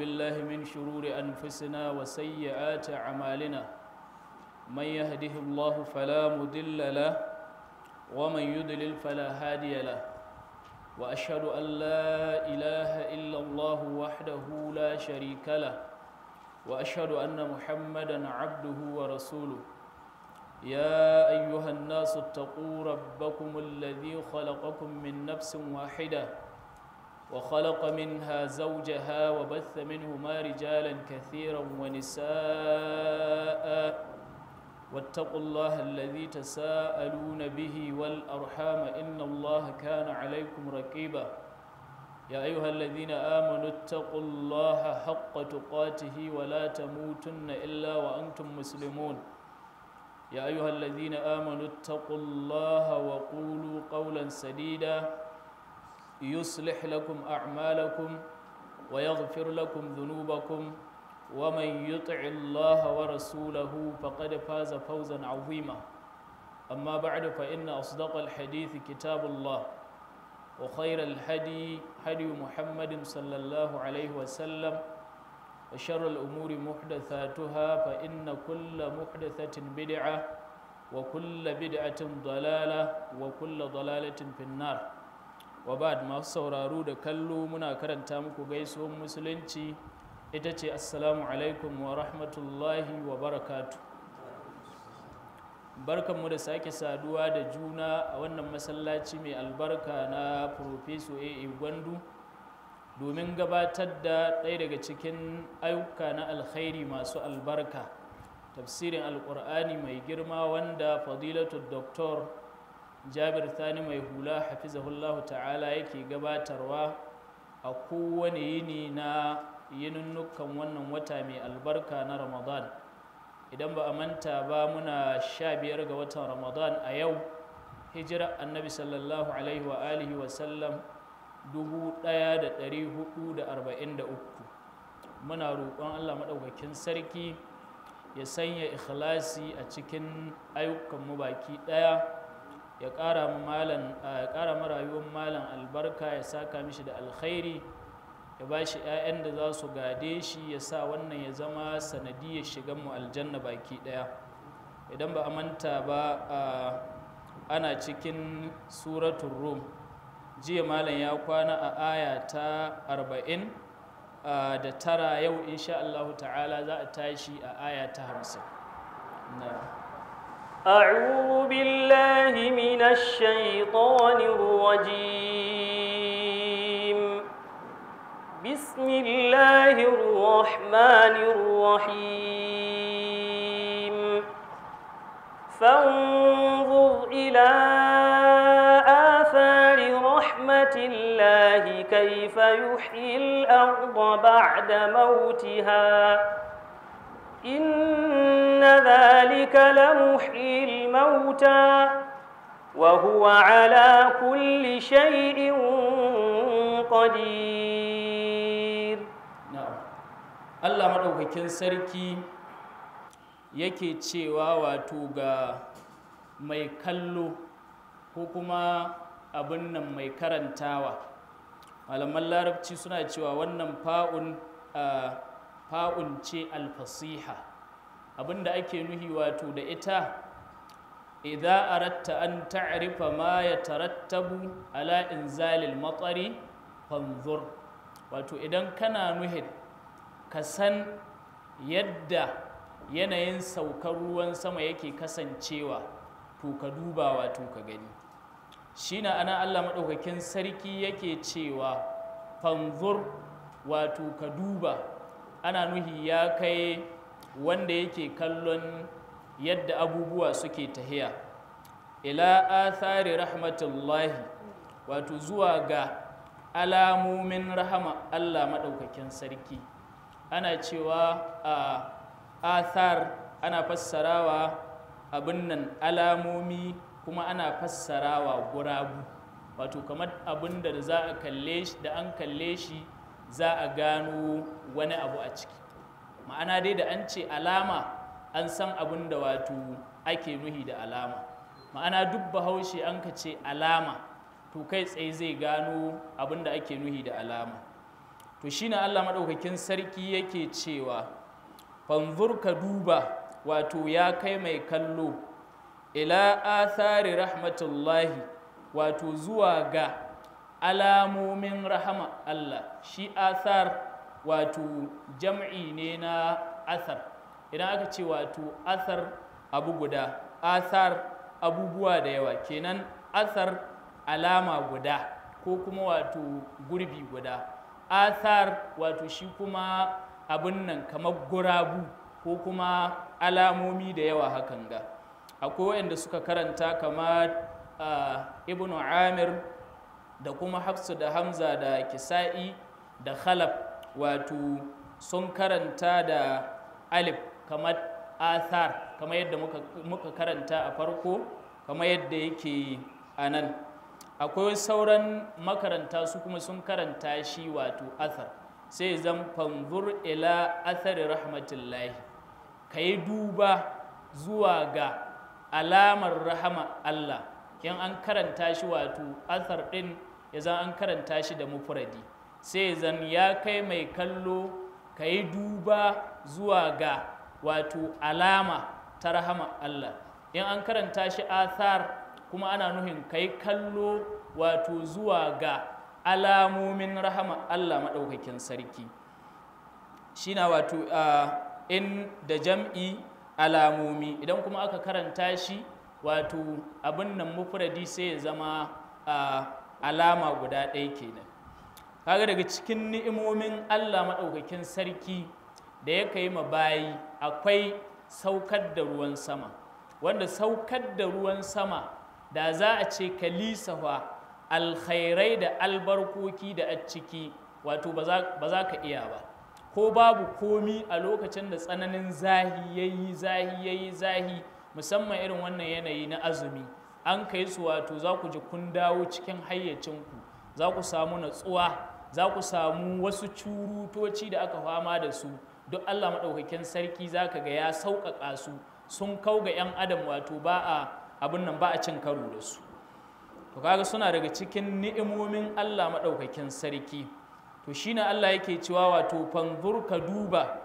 بالله من شرور أنفسنا وسيئات أعمالنا من يهده الله فلا مضل له ومن يضلل فلا هادي له وأشهد أن لا إله إلا الله وحده لا شريك له وأشهد أن محمدا عبده ورسوله يا أيها الناس اتقوا ربكم الذي خلقكم من نفس واحدة وخلق منها زوجها وبث منهما رجالا كثيرا ونساء واتقوا الله الذي تساءلون به والأرحام إن الله كان عليكم رقيبا يا أيها الذين آمنوا اتقوا الله حق تقاته ولا تموتن إلا وأنتم مسلمون يا أيها الذين آمنوا اتقوا الله وقولوا قولا سديدا يصلح لكم أعمالكم ويغفر لكم ذنوبكم ومن يطع الله ورسوله فقد فاز فوزا عظيما أما بعد فإن أصدق الحديث كتاب الله وخير الهدي هدي محمد صلى الله عليه وسلم وشر الأمور محدثاتها فإن كل محدثة بدعة وكل بدعة ضلالة وكل ضلالة في النار wa masu sauraro da kallo muna karanta muku gaisuwan musulunci ita ce assalamu alaikum wa rahmatullahi wa barakatu barkanmu da sake saduwa da juna a wannan masallaci mai albarka na profeso a.a. gwandu domin gabatar da ɗaya daga cikin ayyuka na alkhairi masu albarka tafsirin alkur'ani mai girma wanda fadilatul doktor jabir thani mai hula hafizahullahu ta'ala yake gabatarwa a kowane yini na nukan wannan wata mai albarka na ramadan idan ba a manta ba muna sha biyar ga watan ramadan a yau hijira annabi sallallahu alaihi wa alihi wa sallam uku. muna roƙon allah maɗaukakin sarki ya sanya ikhlasi a cikin ayyukanmu baki ɗaya ya ƙara mu rayuwar malam albarka ya saka mishi da alkhairi ya ba shi 'ya'yan da za su gade shi ya sa wannan ya zama sanadiyar shigan mu aljanna baki ɗaya idan ba a manta ba ana cikin suratun rum jiya malam ya kwana a aya ta 40 da tara yau insha Allah ta'ala za a tashi a aya ta hamsin أعوذ بالله من الشيطان الرجيم بسم الله الرحمن الرحيم فانظر إلى آثار رحمة الله كيف يحيي الأرض بعد موتها إن ذلك لمحيي الموتى وهو على كل شيء قدير نعم الله مدوكين سركي yake cewa wato ga mai kallo ko kuma abin nan mai karantawa malaman larabci suna cewa wannan fa'un a ha'un ce alfasiha abinda ake nuhi wato da ita idza aratta an ta'rifa ma yatarattabu ala inzalil matsari fanzur wato idan kana nuhin ka san yadda yanayin saukar ruwan sama yake kasancewa to ka duba wato ka gani shine ana Allah maɗaukakin sarki yake cewa fanzur wato ka duba ana nuhi ya kai wanda yake kallon yadda abubuwa suke tahiya ila athari rahmatullahi wato zuwa ga alamomin rahama Allah maɗaukakin sarki ana cewa a athar ana fassarawa abin nan alamomi kuma ana fassarawa gurabu wato kamar abin da za a kalle shi da an kalle shi za a gano wani abu a ciki ma'ana dai da an ce alama an san abin da wato ake nuhi da alama ma'ana duk bahaushe an ka ce alama to kai tsaye zai gano abin da ake nuhi da alama to shi shine Allah maɗaukakin sarki yake cewa fanzur ka duba wato ya kai mai kallo ila athari rahmatullahi wato zuwa ga alamomin rahama Allah shi asar wato jam'i ne na asar idan aka ce wato asar abu guda asar abubuwa da yawa kenan asar alama guda ko kuma wato gurbi guda asar wato shi kuma abin nan kamar gurabu ko kuma alamomi da yawa hakan ga akwai waɗanda suka karanta kamar ah, ibnu amir da kuma hafsu da hamza da kisa'i da khalaf wato sun karanta da alif kamar athar kamar yadda muka, karanta a farko kamar yadda yake a nan akwai sauran makaranta su kuma sun karanta shi wato athar sai zan fanzur ila athari rahmatullahi ka yi duba zuwa ga alamar rahama Allah yan an karanta shi wato athar din. ya zan an karanta shi da mufuradi sai zan ya kai mai kallo ka yi duba zuwa ga wato alama ta rahama Allah in an karanta shi athar kuma ana nuhin ka yi kallo wato zuwa ga alamomin rahama Allah maɗaukakin sarki shi na wato in da jam'i alamomi idan kuma aka karanta shi wato abin nan mufuradi sai ya zama alama guda ɗaya kenan kaga daga cikin ni'imomin Allah maɗaukakin sarki da ya kai ma bayi akwai saukar da ruwan sama wanda saukar da ruwan sama da za a ce kalisawa alkhairai da albarkoki da a ciki wato ba za ka iya ba ko babu komi a lokacin da tsananin zahi yayi zahi yayi zahi musamman irin wannan yanayi na azumi an kai su wato za ku ji kun dawo cikin hayyacinku za ku samu natsuwa za ku samu wasu curutoci da aka fama da su duk Allah maɗaukakin sarki za ka ga ya sauƙaƙa su sun kau ga 'yan adam wato ba a abin nan ba a cin karo da su to kaga suna daga cikin ni'imomin Allah maɗaukakin sarki to shi shine Allah yake cewa wato fanzur ka duba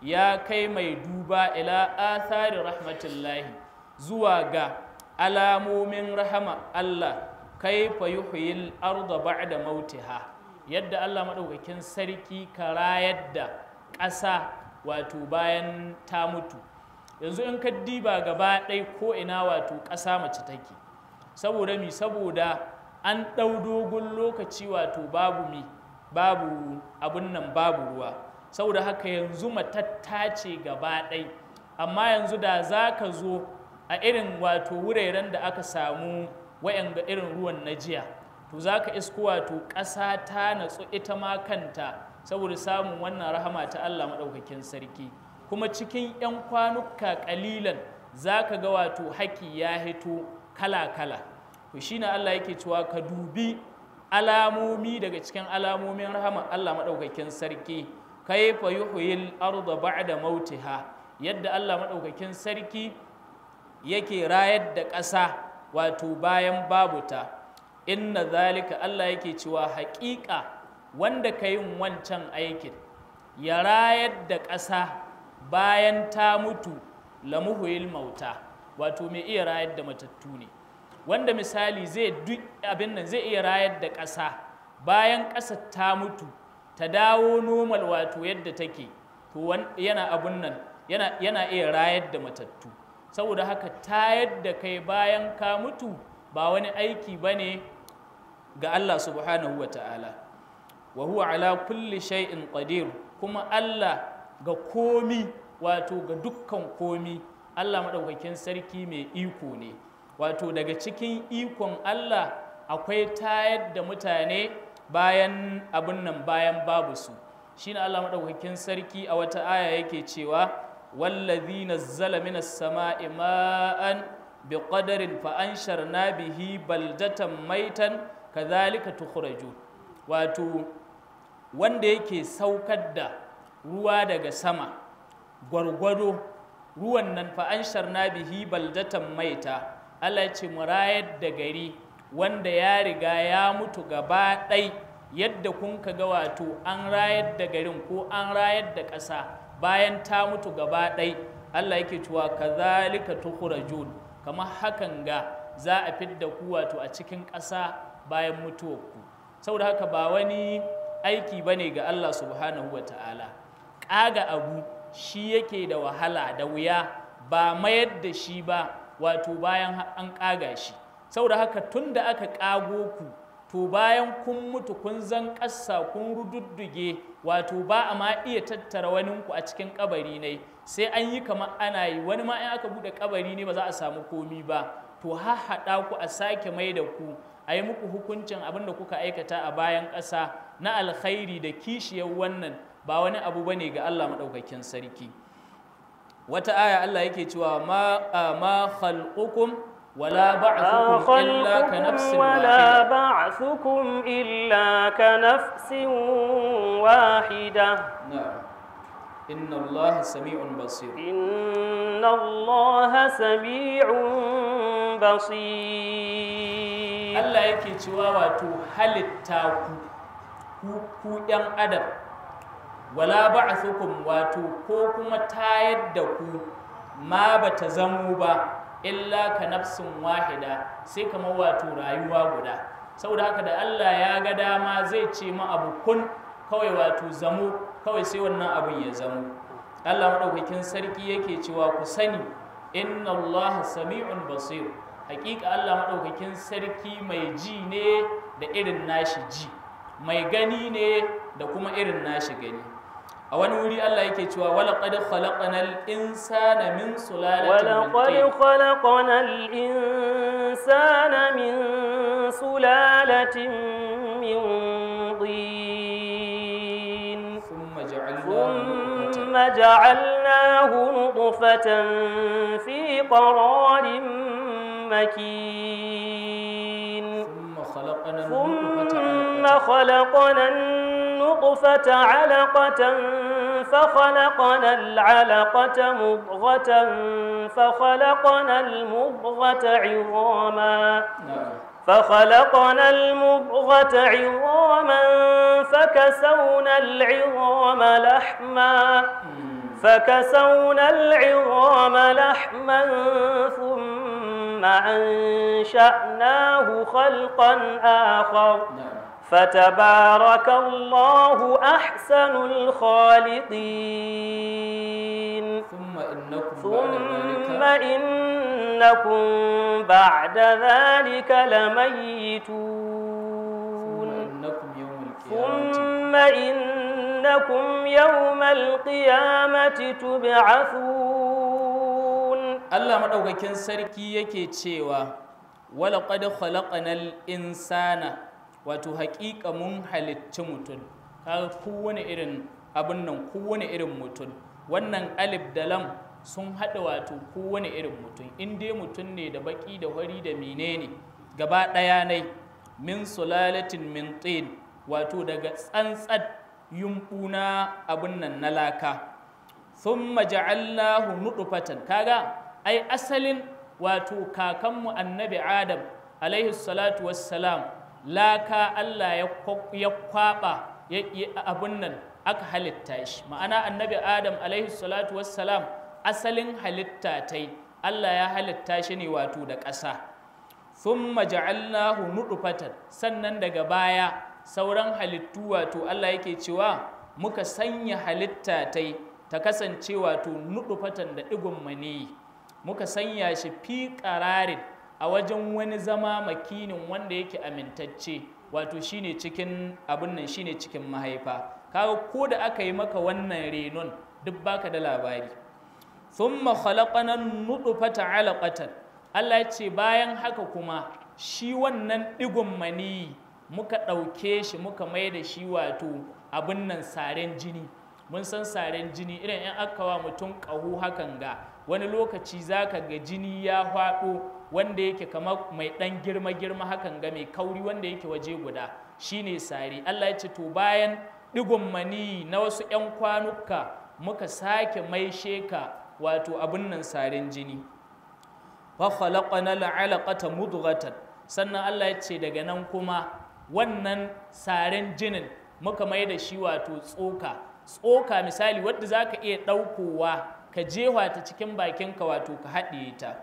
ya kai mai duba ila athari rahmatullahi zuwa ga alamomin rahama Allah kaifa yuhyil arda ba'da mautiha yadda Allah madaukakin sarki karayar da ƙasa wato bayan ta mutu yanzu in ka diba gaba ɗaya ko ina wato ƙasa mace take saboda mi saboda an ɗau dogon lokaci wato babu mi babu abun nan babu ruwa saboda haka yanzu matattace ce gaba ɗaya amma yanzu da za ka zo a irin wato wuraren da aka samu wa'yan da irin ruwan na jiya to za ka isko wato ƙasa ta natsu ita ma kanta saboda samun wannan rahama ta Allah maɗaukakin sarki kuma cikin 'yan kwanuka ƙalilan za ka ga wato haƙi ya hito kala-kala to shi na Allah yake cewa ka dubi alamomi daga cikin alamomin rahama Allah maɗaukakin sarki kai fa yuhyil arda ba'da mautiha yadda Allah maɗaukakin sarki yake rayar da ƙasa wato bayan babu ta inna zalika Allah yake cewa haƙiƙa wanda ka yin wancan aikin ya rayar da ƙasa bayan ta mutu lamuhuyil mauta wato mai iya rayar da matattu ne wanda misali zai duk abin nan zai iya rayar da ƙasa bayan ƙasa ta mutu ta dawo nomal wato yadda take to yana abun yana iya rayar da matattu saboda haka tayar da kai bayan ka mutu ba wani aiki ba ne ga Allah subhanahu wa ta'ala wa huwa ala kulli shay'in qadir kuma Allah ga komi wato ga dukkan komi Allah maɗaukakin sarki mai iko ne wato daga cikin ikon Allah akwai tayar da mutane bayan abin nan bayan babu su shine Allah maɗaukakin sarki a wata aya yake cewa wallazi nazzala minas sama'i ma'an biqadarin fa ansharna bihi baldatan maitan kadhalika tukhraju wato wanda yake saukar da ruwa daga sama gwargwado ruwan nan fa ansharna bihi baldatan maita Allah ce murayar da gari wanda ya riga ya mutu gaba ɗai yadda kun ga wato an rayar da garin ko an rayar da ƙasa bayan ta mutu gaba ɗai Allah yake cewa kazalika jun kamar hakan ga za a da ku wato a cikin ƙasa bayan ku. saboda haka ba wani aiki ba ne ga Allah subhanahu ta'ala. ƙaga abu shi yake da wahala da wuya ba mayar da shi ba wato bayan an ƙaga shi saboda haka tun da aka ƙago ku to bayan kun mutu kun zan ƙasa kun rududduge wato ba a ma iya tattara waninku a cikin kabari ne sai an yi kamar ana yi wani ma in aka buɗe kabari ne ba za a samu komi ba to ha haɗa ku a sake mai da ku a yi muku hukuncin abin da kuka aikata a bayan ƙasa na alkhairi da kishiyar wannan ba wani abu ba ne ga Allah maɗaukakin sarki wata aya Allah yake cewa ma khalqukum ولا بعثكم إلا كنفس واحدة ولا بعثكم إلا كنفس واحدة نعم إن الله سميع بصير إن الله سميع بصير الله yake cewa wato halitta ku ku ɗan adam wala ba'athukum wato ko kuma tayar da ku ma bata zamo ba illa ka nafsin wahida sai kamar wato rayuwa guda saboda haka da Allah ya ga dama zai ce ma abu kun kawai wato zamo kawai sai wannan abun ya zamo Allah maɗaukakin sarki yake cewa ku sani inna Allah sami'un basir hakika Allah maɗaukakin sarki mai ji ne da irin nashi ji mai gani ne da kuma irin nashi gani أوان وري الله يكتوى ولقد خلقنا الإنسان من سلالة ولقد خلقنا الإنسان من سلالة من ضين ثم جعلناه ثم جعلناه نطفة في قرار مكين ثم خلقنا ثم خلقنا النطفة نطفة علقة فخلقنا العلقة مضغة فخلقنا المضغة عظاما فخلقنا المضغة عظاما فكسونا العظام لحما فكسونا العظام لحما ثم أنشأناه خلقا آخر فتبارك الله أحسن الخالقين ثم إنكم, ثم إنكم بعد ذلك لميتون ثم إنكم يوم القيامة تبعثون الله كنسر كي يكي تشيوا ولقد خلقنا الإنسان wato haƙiƙa mun halicci mutum kaga kowane irin abin nan kowane irin mutum wannan alif da lam sun haɗa wato kowane irin mutum in dai mutum ne da baƙi da wari da menene gaba ɗaya nai min sulalatin min tin wato daga tsantsar na abin nan na laka sun maja'allahu nuɗufatan kaga ai asalin wato kakanmu annabi adam alaihi salatu wassalam laka Allah ya kwaba abin abun nan aka halitta shi ma'ana annabi adam alaihi salatu wassalam asalin halitta ta Allah ya halitta shi ne wato da ƙasa thumma ja'alnahu nudfatan sannan daga baya sauran halittu wato Allah yake cewa muka sanya halitta ta ta kasance wato nudfatan da digon mani muka sanya shi fi ƙararin a wajen wani zama makinin wanda yake amintacce wato shine cikin abin nan shine cikin mahaifa kaga ko da aka yi maka wannan renon duk baka da labari thumma khalaqana nutfata alaqatan Allah ya ce bayan haka kuma shi wannan digon mani muka ɗauke shi muka mai da shi wato abin nan saren jini mun san saren jini irin in aka wa mutum ƙaho hakan ga wani lokaci za ka ga jini ya faɗo wanda yake kamar mai ɗan girma-girma hakan ga mai kauri wanda yake waje guda shine sare Allah ya ce to bayan ɗigon mani na wasu 'yan kwanuka muka sake mai sheka wato abin nan saren jini fa khalaqana al'alaqata mudghatan sannan Allah ya ce daga nan kuma wannan saren jinin muka mai da shi wato tsoka tsoka misali wadda ka iya ɗaukowa ka jewa ta cikin bakinka wato ka haɗe ta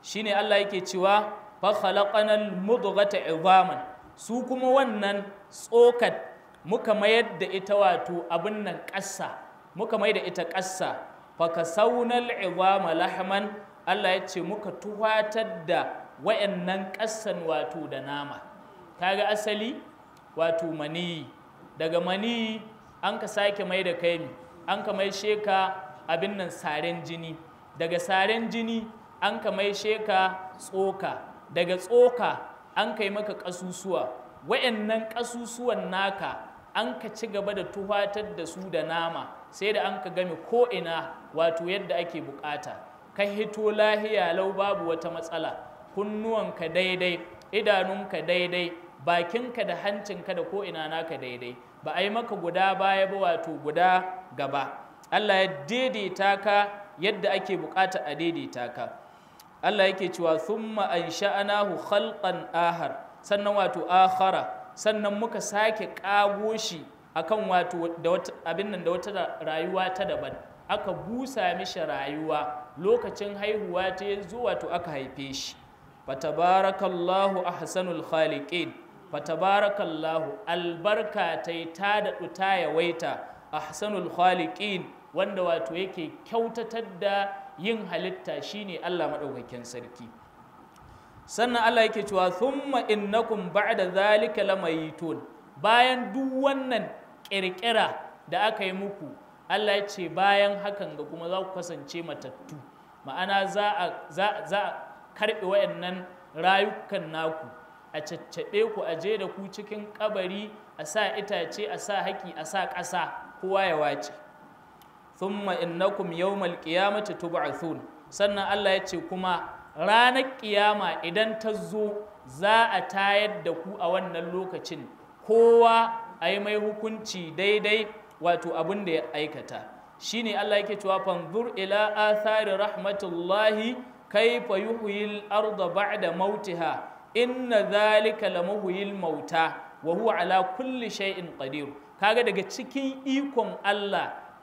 shine Allah yake cewa fa khalaqanal mudghata idhaman su kuma wannan tsokat muka mayar da ita wato abin nan ƙasa muka mayar da ita ƙasa fa kasawnal idhama lahman Allah ya ce muka tuwatar da wayannan ƙasan wato da nama kaga asali wato maniyi daga maniyi an ka sake mai da kai an ka mai sheka abin nan saren jini daga saren jini an ka mai sheka tsoka daga tsoka an kai maka ƙasusuwa wa'annan ƙasusuwan naka an ka ci gaba da tuhatar da su da nama sai da an ka game ko'ina wato yadda ake bukata ka hito lahiya lau babu wata matsala kunnuwanka daidai idanunka daidai bakinka da hancinka da ko'ina naka daidai ba a yi maka guda baya ba wato guda gaba Allah ya daidaita ka yadda ake bukata a daidaita ka Allah yake cewa thumma ansha'nahu khalqan ahar sannan wato akhara sannan muka sake kago shi akan wato da wata abin nan da wata rayuwa ta daban aka busa mishi rayuwa lokacin haihuwa ta yanzu wato aka haife shi fatabarakallahu ahsanul khaliqin fatabarakallahu albarka ta ta da ta yawaita ahsanul khaliqin wanda wato yake kyautatar da yin halitta shine Allah maɗaukakin sarki sannan Allah yake cewa thumma innakum ba'da zalika lamayitun bayan duk wannan ƙirƙira da aka yi muku Allah ya ce bayan hakan ga kuma za ku kasance matattu ma'ana za a karɓi waɗannan rayukan naku a caccabe ku a je da ku cikin ƙabari a sa itace a sa haƙi a sa ƙasa kowa ya wace thumma innakum yawmal qiyamati tub'athun sannan Allah ya ce kuma ranar kiyama idan ta zo za a tayar da ku a wannan lokacin kowa a yi mai hukunci daidai wato abin da ya aikata shine Allah yake cewa fanzur ila athari rahmatullahi kaifa yuhyil arda ba'da mautiha inna zalika lamuhyil mauta wa huwa ala kulli shay'in qadir kaga daga cikin ikon Allah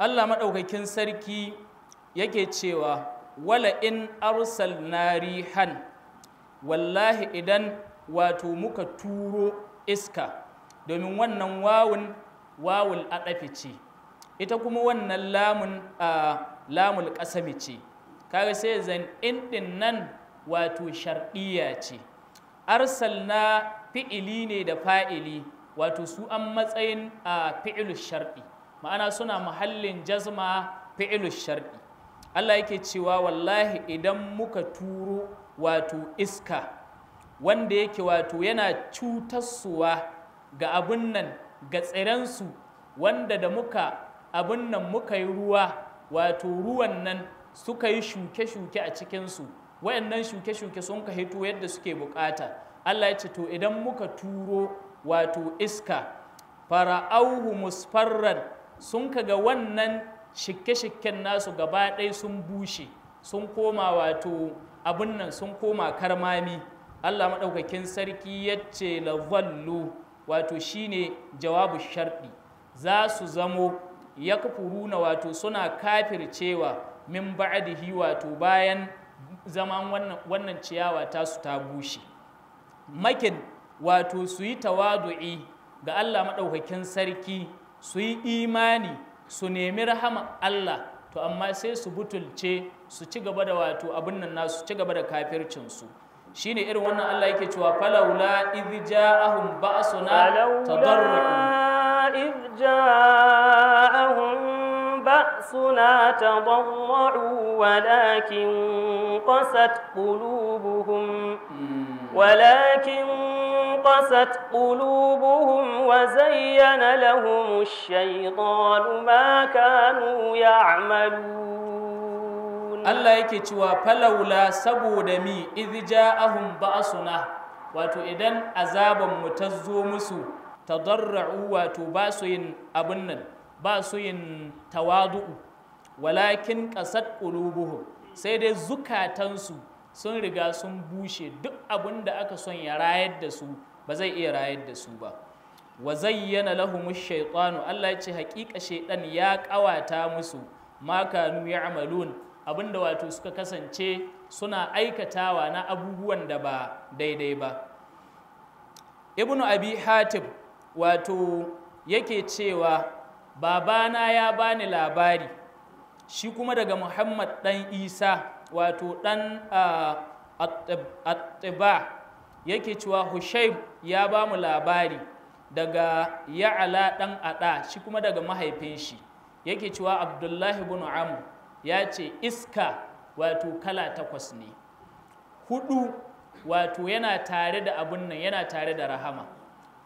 Allah maɗaukakin sarki yake cewa wala in arsal narihan wallahi idan wato muka turo iska domin wannan wawun wawul aɗafi ce ita kuma wannan lamun lamul ƙasami ce kaga sai zan in nan wato sharɗiya ce arsal na fi'ili ne da fa'ili wato su an matsayin a fi'ilu sharɗi ma'ana suna muhallin jazma fi'ilu shar'i Allah yake cewa wallahi idan muka turo wato iska wanda yake wato yana cutarsuwa ga abun nan ga tsirensu wanda da muka abun nan muka yi ruwa wato ruwan nan suka yi shuke-shuke a cikinsu wayannan shuke-shuke sun ka hito yadda suke bukata Allah ya ce to idan muka turo wato iska fara'auhu musfarran sun ga wannan shike-shiken nasu gaba ɗaya sun bushe sun koma wato abin nan sun koma karmami Allah maɗaukakin sarki ya ce lavallu wato shine jawabu sharɗi za su zamo ya furuna wato suna kafircewa min ba'dihi wato bayan zaman wannan ciyawa tasu ta bushe makin wato su yi tawadu'i ga Allah maɗaukakin sarki su yi imani su nemi rahama Allah to amma sai su butulce su ci gaba da wato abin nan nasu ci gaba da kafircinsu shine irin wannan Allah yake cewa falaula idh ja'ahum ba'suna tadarra'u idh ja'ahum بأسنا تضرعوا ولكن قست قلوبهم ولكن قست قلوبهم وزين la الشيطان ما كانوا يعملون الله yake cewa falaula saboda mi idh ja'ahum ba'suna wato idan azaban mu ta zo musu tadarra'u wato ba su yin abin nan ba su yin tawadu'u walakin qasat ƙulubuhu sai dai zukatansu sun riga sun bushe duk abun da aka son ya rayar da su ba zai iya rayar da su ba wa zayyana lahumu shaytanu Allah ya ce haƙiƙa shaydan ya ƙawata musu ma kanu ya'malun abinda wato suka kasance suna aikatawa na abubuwan da ba daidai ba ibnu abi hatib wato yake cewa babana ya bani labari shi kuma daga muhammad dan isa wato dan attiba yake cewa hushaib ya ba mu labari daga ya'ala ɗan aɗa shi kuma daga mahaifin shi yake cewa abdullahi bin amu ya ce iska wato kala takwas ne hudu wato yana tare da abun nan yana tare da rahama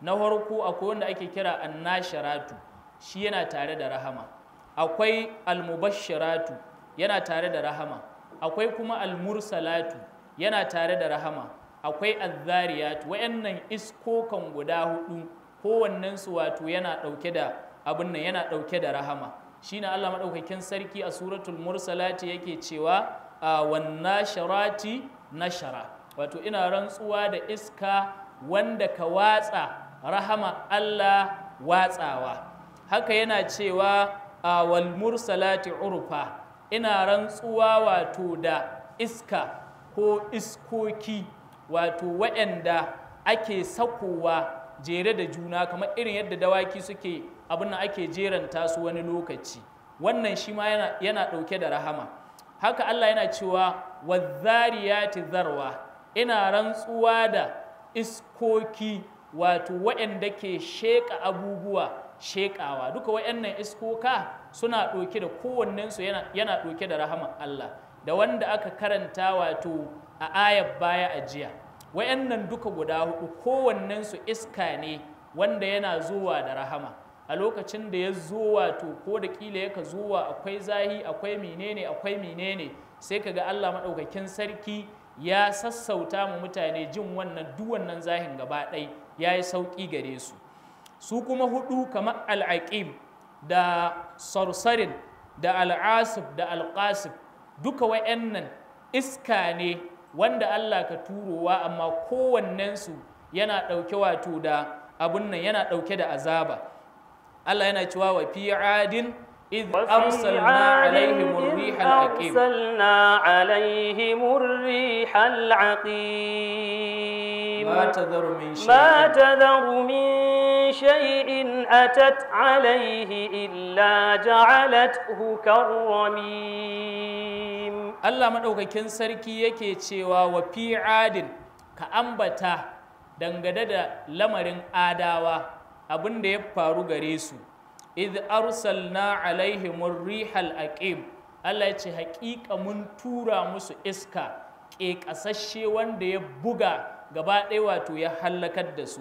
na farko akwai wanda ake kira annasharatu shi yana tare da rahama akwai almubashiratu yana tare da rahama akwai kuma almursalatu yana tare da rahama akwai azzariyat wayannan iskokan guda hudu kowannen su wato yana dauke da abin nan yana dauke da rahama shine Allah madaukakin sarki a suratul mursalati yake cewa wan nasharati nashara wato ina rantsuwa da iska wanda ka watsa rahama Allah watsawa haka yana cewa wal mursalati urfa ina rantsuwa wato da iska ko iskoki wato waɗanda ake sakowa jere da juna kamar irin yadda dawaki suke abin da ake jeranta su wani lokaci wannan shi ma yana ɗauke da rahama haka Allah yana cewa wazzariyati zarwa ina rantsuwa da iskoki wato waɗanda ke sheƙa abubuwa sheƙawa duka waɗannan iskoka suna ɗauke da kowannensu yana ɗauke da rahama Allah da wanda aka karanta wato a ayar baya a jiya wayannan duka guda hudu su iska ne wanda yana zuwa da rahama a lokacin da ya zo wato ko da kila yaka zuwa akwai zahi akwai menene akwai menene sai kaga Allah madaukakin sarki ya sassauta mu mutane jin wannan duk wannan zahin gaba ɗai ya yi sauƙi gare su su kuma hudu kamar al’aƙim da sarsarin da al'asif da alƙasif duka wa'annan iska ne wanda Allah ka turowa amma kowannensu yana ɗauke wato da abun nan yana ɗauke da azaba Allah yana cewa wa fi adin إذ أرسلنا عليهم الريح العقيم أرسلنا عليهم الريح العقيم ما تذر من شيء ما تذر من شيء أتت عليه إلا جعلته كرميم الله من سركي كن سركي يكي تشيوا وفي عاد كأنبتا دنگدد da آداوا أبن abin da غريسو idh arsalna alaihim rihal aqim Allah ya ce haƙiƙa mun tura musu iska ke kasashe wanda ya buga gaba ɗaya wato ya hallakar da su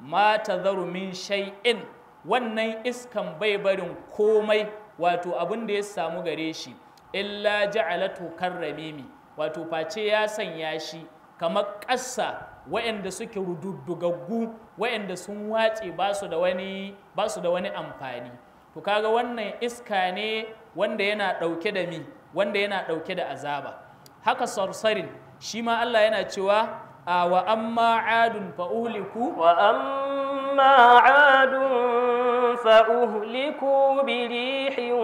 ma tazaru min shay'in wannan iskan bai barin komai wato abin da ya samu gare shi illa ja'alatu karramimi wato face ya sanya shi kamar ƙasa wa'anda suke rududdugaggu wa'anda sun wace ba su da wani ba su da wani amfani to kaga wannan iska ne wanda yana ɗauke da mi wanda yana ɗauke da azaba haka sarsarin shi ma Allah yana cewa a wa amma adun fa uhliku wa amma adun fa uhliku bi rihin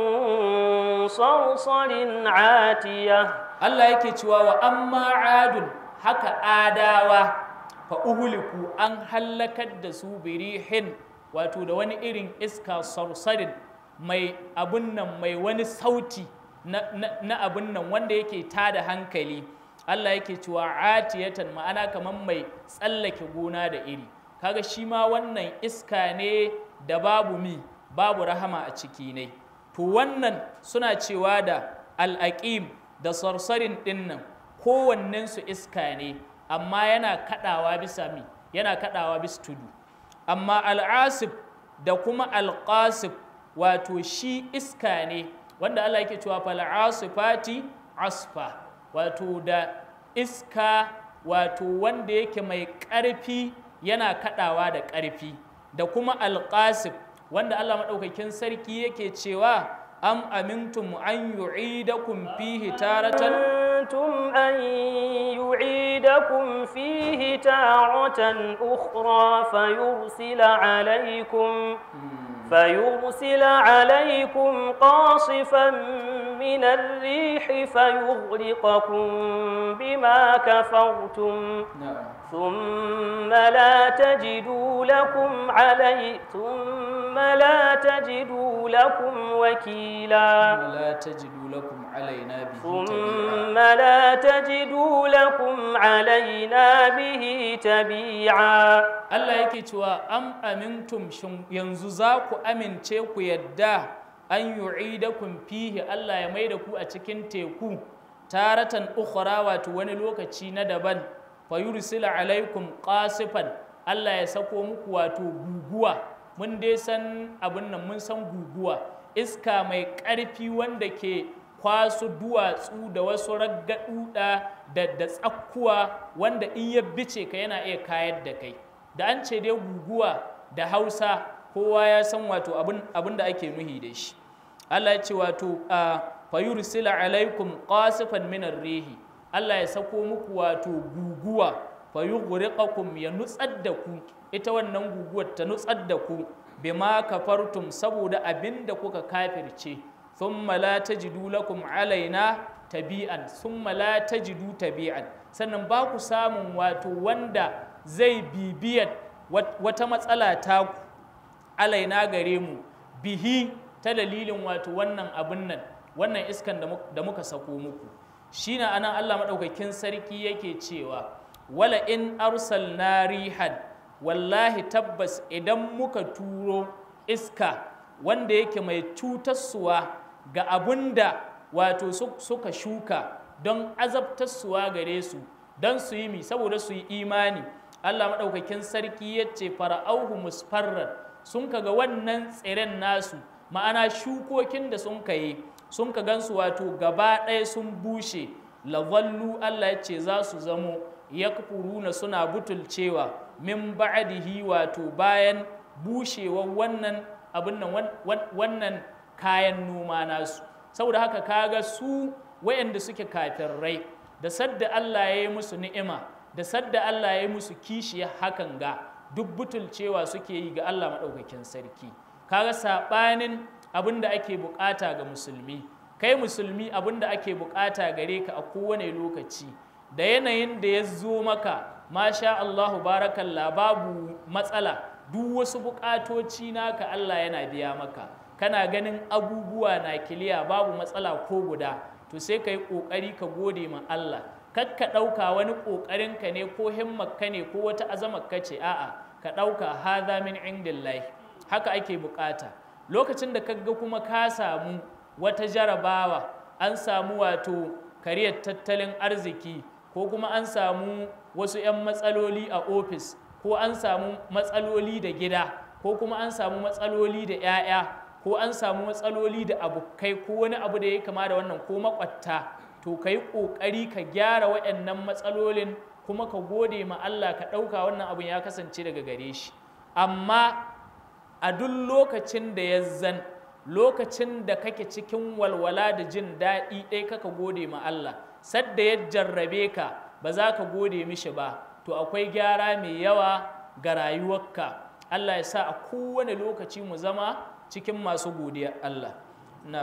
atiya Allah yake cewa wa amma adun haka adawa fa uhuliku an hallakar da su birihin wato da wani irin iska sarsarin mai abun nan mai wani sauti na abun nan wanda yake tada hankali Allah yake cewa atiyatan ma'ana kamar mai tsallake gona da iri kaga shi ma wannan iska ne da babu mi babu rahama a ciki ne to wannan suna cewa da al'aqim da sarsarin ɗinnan kowannen iska ne amma yana kaɗawa bisa mi yana kaɗawa bisa tudu amma al'asif da kuma alƙasif wato shi iska ne wanda Allah yake cewa fal'asifati asfa wato da iska wato wanda yake mai ƙarfi yana kaɗawa da ƙarfi da kuma alƙasif wanda Allah maɗaukakin sarki yake cewa am amintum an yu'idakum fihi taratan أَفَأَمِنْتُمْ أَنْ يُعِيدَكُمْ فِيهِ تَارَةً أُخْرَى فَيُرْسِلَ عَلَيْكُمْ فيرسل عليكم قاصفا من الريح فيغرقكم بما كفرتم نعم. ثم لا تجدوا لكم علي ثم ثم لا تجدوا لكم وكيلا ثم لا تجدوا لكم علينا به ثم لا تجدوا لكم علينا به تبيعا الله yake cewa am amintum yanzu za ku amince ku yadda an yu'idakum fihi Allah ya maida ku a cikin teku taratan ukhra wato wani lokaci na daban fayursila alaikum qasifan Allah ya sako muku wato guguwa mun dai san abin nan mun san guguwa iska mai ƙarfi wanda ke kwasu duwatsu da wasu raggaɗuɗa da da tsakkuwa wanda in ya bice ka yana iya kayar da kai da an ce dai guguwa da hausa kowa ya san wato abin da ake nuhi da shi allah ya ce wato fayursila alaikum qasifan minar rehi allah ya sako muku wato guguwa fa ya nutsar da ku ita wannan guguwar ta nutsar da ku bima kafartum saboda abin da kuka kafirce thumma la tajidu lakum alaina tabi'an thumma la tajidu tabi'an sannan ba ku samun wato wanda zai bibiyar wata matsala ta alaina gare mu bihi ta dalilin wato wannan abin nan wannan iskan da muka sako muku shine anan Allah madaukakin sarki yake cewa wala in arsalna rihan wallahi tabbas idan muka turo iska wanda yake mai cutarsuwa ga abunda wato suka shuka don azabtarsuwa gare su don su yi mi saboda su yi imani Allah maɗaukakin sarki ya ce fara'auhu musfarrar sun kaga wannan tsiren nasu ma'ana shukokin da sun ka yi sun ka gansu wato gaba ɗaya sun bushe lavallu Allah ya ce za su zamo yakfuruna suna butulcewa min ba'dihi wato bayan bushewar wannan abin wannan kayan noma nasu saboda haka kaga su wayanda suke rai da sadda Allah ya yi musu ni'ima da sadda Allah ya yi musu kishi hakan ga duk butulcewa suke yi ga Allah maɗaukakin sarki kaga saɓanin abinda ake bukata ga musulmi kai musulmi abin ake bukata gare ka a kowane lokaci da yanayin da ya zo maka masha Allahu barakallah babu matsala duk wasu buƙatoci naka Allah yana biya maka kana ganin abubuwa na kiliya babu matsala ko guda to sai ka yi ƙoƙari ka gode ma Allah kar ka ɗauka wani ƙoƙarinka ne ko ka ne ko wata azamarka ce a'a ka ɗauka haza min indillahi haka ake buƙata lokacin da kaga kuma ka samu wata jarabawa an samu wato kariyar tattalin arziki ko kuma an samu wasu 'yan matsaloli a ofis ko an samu matsaloli da gida ko kuma an samu matsaloli da 'ya'ya ko an samu matsaloli da abokai ko wani abu da ya kama da wannan ko makwatta to ka yi ƙoƙari ka gyara waɗannan matsalolin kuma ka gode ma Allah ka ɗauka wannan abin ya kasance daga gare shi amma a duk lokacin da ya zan lokacin da kake cikin walwala da jin daɗi ɗaya kaka gode ma Allah sadda ya jarrabe ka ba za ka gode mishi ba to akwai gyara mai yawa ga rayuwarka Allah ya sa a kowane lokaci mu zama cikin masu godiya Allah na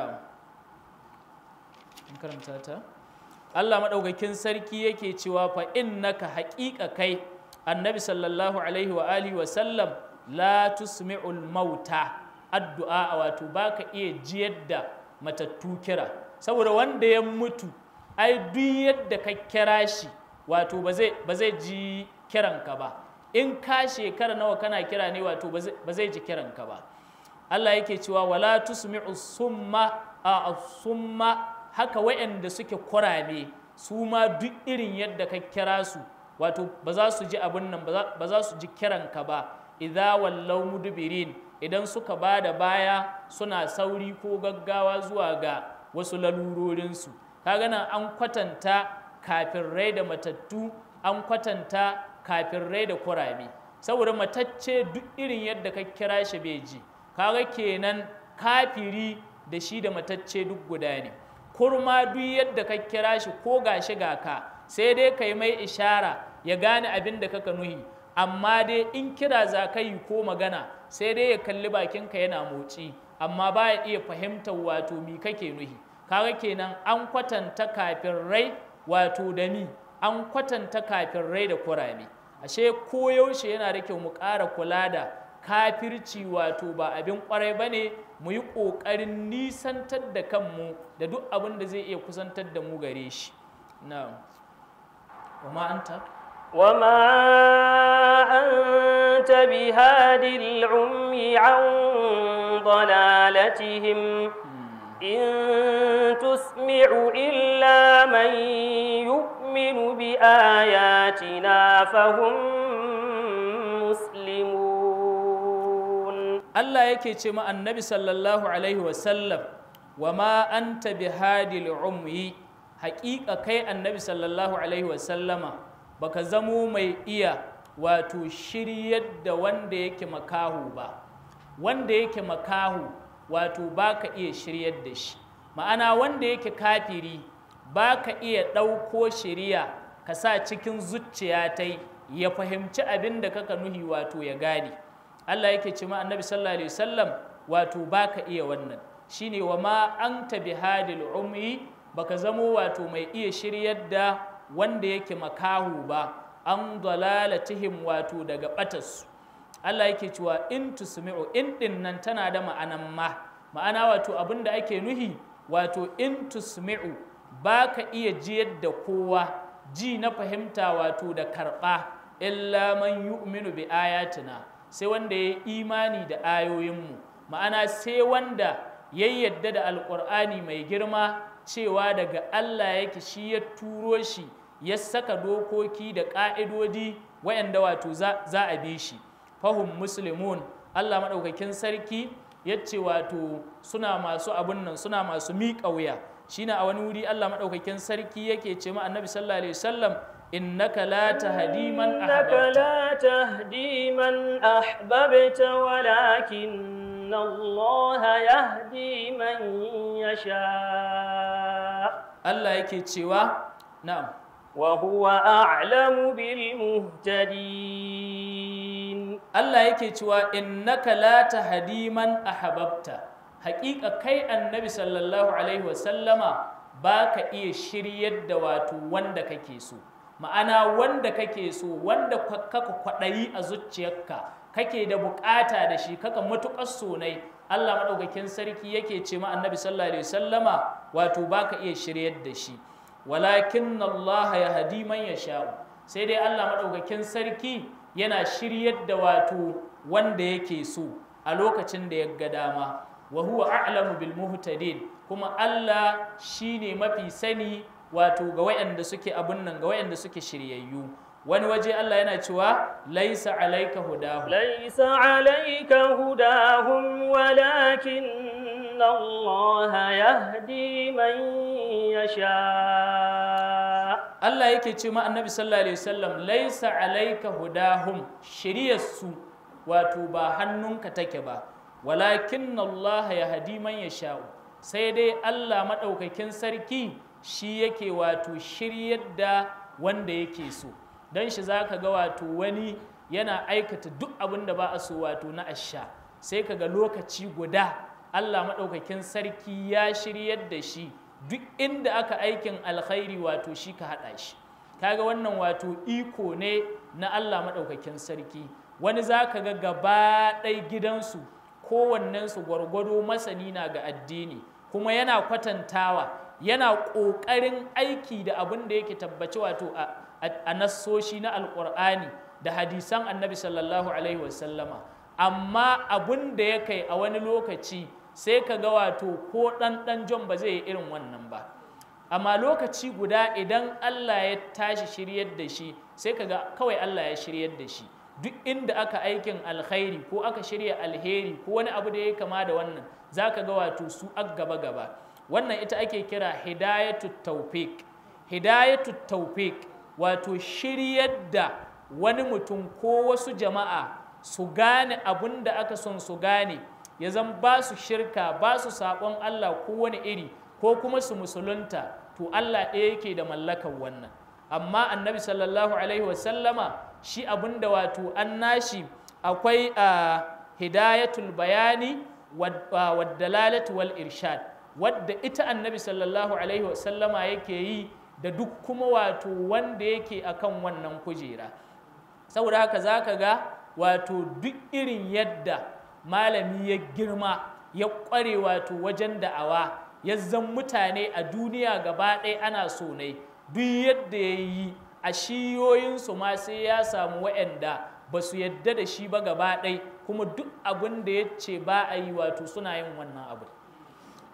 Allah maɗaukakin sarki yake cewa fa innaka haƙiƙa kai annabi sallallahu alaihi wa alihi wa sallam la tusmi'ul mauta addu'a wato baka iya jiyar da matattu kira saboda wanda ya mutu ai duk yadda ka kira shi wato ba zai ji kiran ka ba in ka shekara nawa kana kira ne wato ba zai ji kiran ka ba Allah yake cewa wala tusmi'u summa a summa haka wa'anda suke kurame su ma duk irin yadda ka kira su wato ba za su ji abin nan ba za su ji kiran ka ba idza wallaw mudbirin idan suka ba da baya suna sauri ko gaggawa zuwa ga wasu lalurorinsu kaga gana an kwatanta kafin rai da matattu an kwatanta kafin rai da kurame saboda matacce duk irin yadda ka kira shi bai ji kaga kenan kafiri da shi da matacce duk guda ne kurma duk yadda ka kira shi ko ga shi ga ka sai dai ka yi mai ishara ya gane abin da kaka nuhi amma dai in kira za ka yi ko magana sai dai ya kalli bakin ka yana motsi amma ba ya iya fahimtar wato mi kake nuhi kaga kenan an kwatanta kafin rai wato da mi an kwatanta kafin rai da kurame ashe koyaushe yana da kyau mu ƙara kula da kafirci wato ba abin kwarai ba ne mu yi ƙoƙarin nisantar da kanmu da duk abin da zai iya kusantar da mu gare shi na'am wa ma'anta wa ma'anta كنت بهاد العمي عن ضلالتهم إن تسمع إلا من يؤمن بآياتنا فهم مسلمون الله يكي تشمع النبي صلى الله عليه وسلم وما أنت بهاد العمي حقيقة كي النبي صلى الله عليه وسلم baka zamo mai iya wato shiryar da wanda yake makahu ba wanda yake makahu wato ba ka iya shiryar da shi ma'ana wanda yake kafiri ba ka iya ɗauko shiriya ka sa cikin zuciya ta ya fahimci abin da kaka nuhi wato ya gane Allah yake ce ma annabi sallallahu alaihi wasallam wato ba ka iya wannan shine wa ma anta hadil ummi baka zamo wato mai iya shiryar da wanda yake makahu ba an dalalatihim wato daga batarsu Allah yake cewa in tusmi'u in din nan tana da ma'anan ma ma'ana wato abin da ake nuhi wato in tusmi'u ba iya jiyar da kowa ji na fahimta wato da karɓa illa man yu'minu bi ayatina sai wanda ya imani da ayoyinmu ma'ana sai wanda ya yadda da alƙur'ani mai girma cewa daga Allah yake shi ya turo shi ya saka dokoki da ƙa'idodi wayanda wato za a bi shi fahim Musulmun, Allah maɗaukakin sarki ya ce wato suna masu abun nan suna masu miƙa wuya Shi a wani wuri Allah maɗaukakin sarki yake ce ma annabi sallallahu alaihi wasallam innaka la tahdi man ahbabta walakin Allah yake cewa na'am وهو أعلم بالمهتدين الله يكي hadiman إنك لا تهدي من أحببت حقيقة كي النبي صلى الله عليه وسلم باك إيه شريد دواتو وندك كيسو ma'ana wanda kake so wanda kaka kwaɗayi a zuciyarka kake da buƙata da shi kaka matuƙar sonai Allah maɗaukakin sarki yake ce ma annabi sallallahu alaihi wasallama wato baka iya shiryar da shi walakin Allah ya hadi man ya sha'u sai dai Allah maɗaukakin sarki yana shiryar da wato wanda yake so a lokacin da ya ga dama wa huwa a'lamu bil muhtadin kuma Allah shine mafi sani wato ga wayanda suke abun nan ga wayanda suke shiryayyu wani waje Allah yana cewa laisa alaika hudahu laisa alaika hudahum walakin إن الله يهدي من يشاء الله yake ce ma annabi sallallahu alaihi wasallam laisa alayka hudahum su wato ba hannunka take ba walakin Allah yahdi man yasha sai dai Allah madaukakin sarki shi yake wato shiryar da wanda yake so dan shi zaka ga wato wani yana aikata duk abin da ba a so wato na asha sai kaga lokaci guda Allah maɗaukakin sarki ya shiryar da shi duk inda aka aikin alkhairi wato shi ka haɗa shi kaga wannan wato iko ne na Allah maɗaukakin sarki wani za ka ga gaba ɗai gidansu kowannensu gwargwado masani na ga addini kuma yana kwatantawa yana ƙoƙarin aiki da abin da yake tabbaci wato a nassoshi na alƙur'ani da hadisan annabi sallallahu alaihi wasallama amma abun da ya kai a wani lokaci sai ka ga wato ko ɗan John ba zai yi irin wannan ba amma lokaci guda idan Allah ya tashi shiryar da shi sai ka ga kawai Allah ya shiryar da shi duk inda aka aikin alkhairi ko aka shirya alheri ko wani abu da ya kama da wannan za ka ga wato su ak gaba gaba wannan ita ake kira hidayatu taufik hidayatu taufik wato shiryar da wani mutum ko wasu jama'a su gane abin da aka son su gane ya zan ba su shirka ba su saƙon Allah kowane iri ko kuma su musulunta to Allah ɗaya yake da mallakar wannan amma annabi sallallahu alaihi wasallama shi abin da wato an nashi akwai a hidayatul bayani waddalalatu wal irshad wadda ita annabi sallallahu alaihi wasallama yake yi da duk kuma wato wanda yake akan wannan kujera saboda haka za ka ga wato duk irin yadda malami ya girma ya ƙware wato wajen da'awa ya zan mutane a duniya gaba ɗaya ana so duk yadda ya yi a shiyoyinsu ma sai ya samu waɗanda ba su yadda da shi ba gaba ɗai kuma duk abin da ya ce ba a yi wato suna yin wannan abu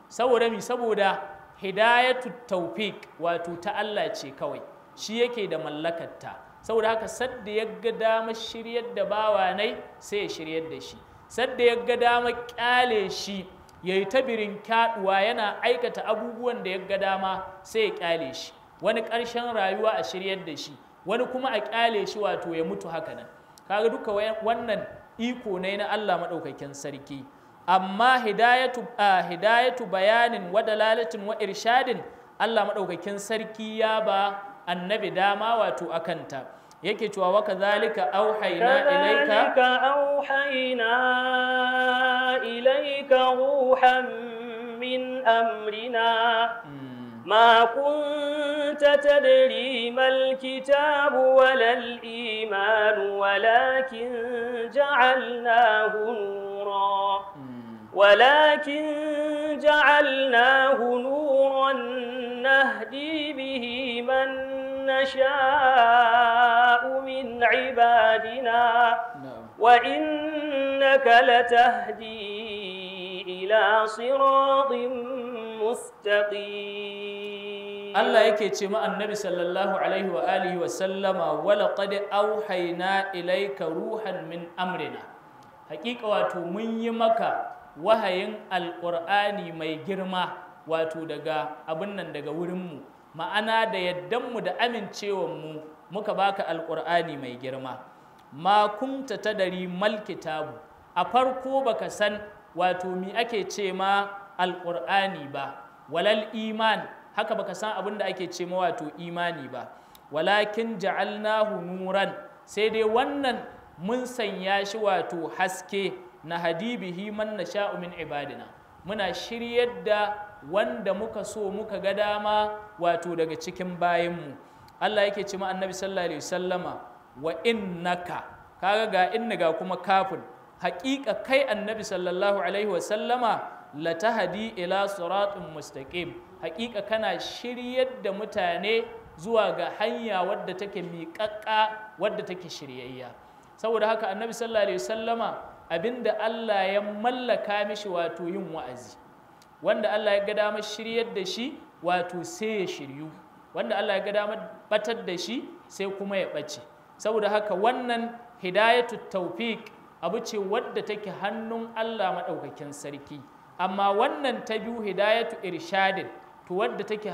saboda mi saboda hidayatu taufik wato ta Allah ce kawai shi yake da mallakarta saboda haka sadda ya ga damar shiryar da bawa nai sai ya shiryar da shi sadda ya ga damar kyale shi ya yi tabirin kyaduwa yana aikata abubuwan da ya ga dama sai ya kyale shi wani ƙarshen rayuwa a shiryar da shi wani kuma a kyale shi wato ya mutu haka nan kaga duka wannan iko ne na Allah maɗaukakin sarki amma hidayatu hidayatu bayanin wa dalalatin wa irshadin Allah maɗaukakin sarki ya ba annabi dama wato a kanta yake cewa waka zalika auhaina ilaika auhaina ilaika ruhan min amrina hmm. ma ta tadri mal kitabu wal iman walakin ja'alnahu nuran hmm. ولكن جعلناه نورا نهدي به من نشاء من عبادنا وإنك لتهدي إلى صراط مستقيم الله يكي مع النبي صلى الله عليه وآله وسلم ولقد أوحينا إليك روحا من أمرنا حقيقة واتو من يمكا wahayin alƙur'ani mai girma wato daga abin nan daga wurinmu ma'ana da mu da amincewanmu muka baka alƙur'ani mai girma ma kunta ta dari malkitabu a farko baka san wato mi ake ce ma alƙur'ani ba walal iman haka baka san abin da ake ce ma wato imani ba walakin ja'alnahu nuran sai dai wannan mun sanya shi wato haske na hadibihi man nasha'u ibadina muna shiryar da wanda muka so muka ga dama wato daga cikin bayanmu Allah yake ci ma annabi sallallahu alaihi wasallama wa innaka kaga ga inna ga kuma kafin haƙiƙa kai annabi sallallahu alaihi wasallama la tahdi ila siratin mustaqim haƙiƙa kana shiryar da mutane zuwa ga hanya wadda take miƙaƙƙa wadda take shiryayya saboda haka annabi sallallahu alaihi wasallama Abin da Allah ya mallaka mishi wato yin wa'azi wanda Allah ya ga damar shiryar da shi wato sai ya shiryu wanda Allah ya ga damar batar da shi sai kuma ya ɓace saboda haka wannan hidayatu taufik abu ce wadda take hannun Allah maɗaukakin sarki amma wannan ta biyu hidayatu irshadin to wadda take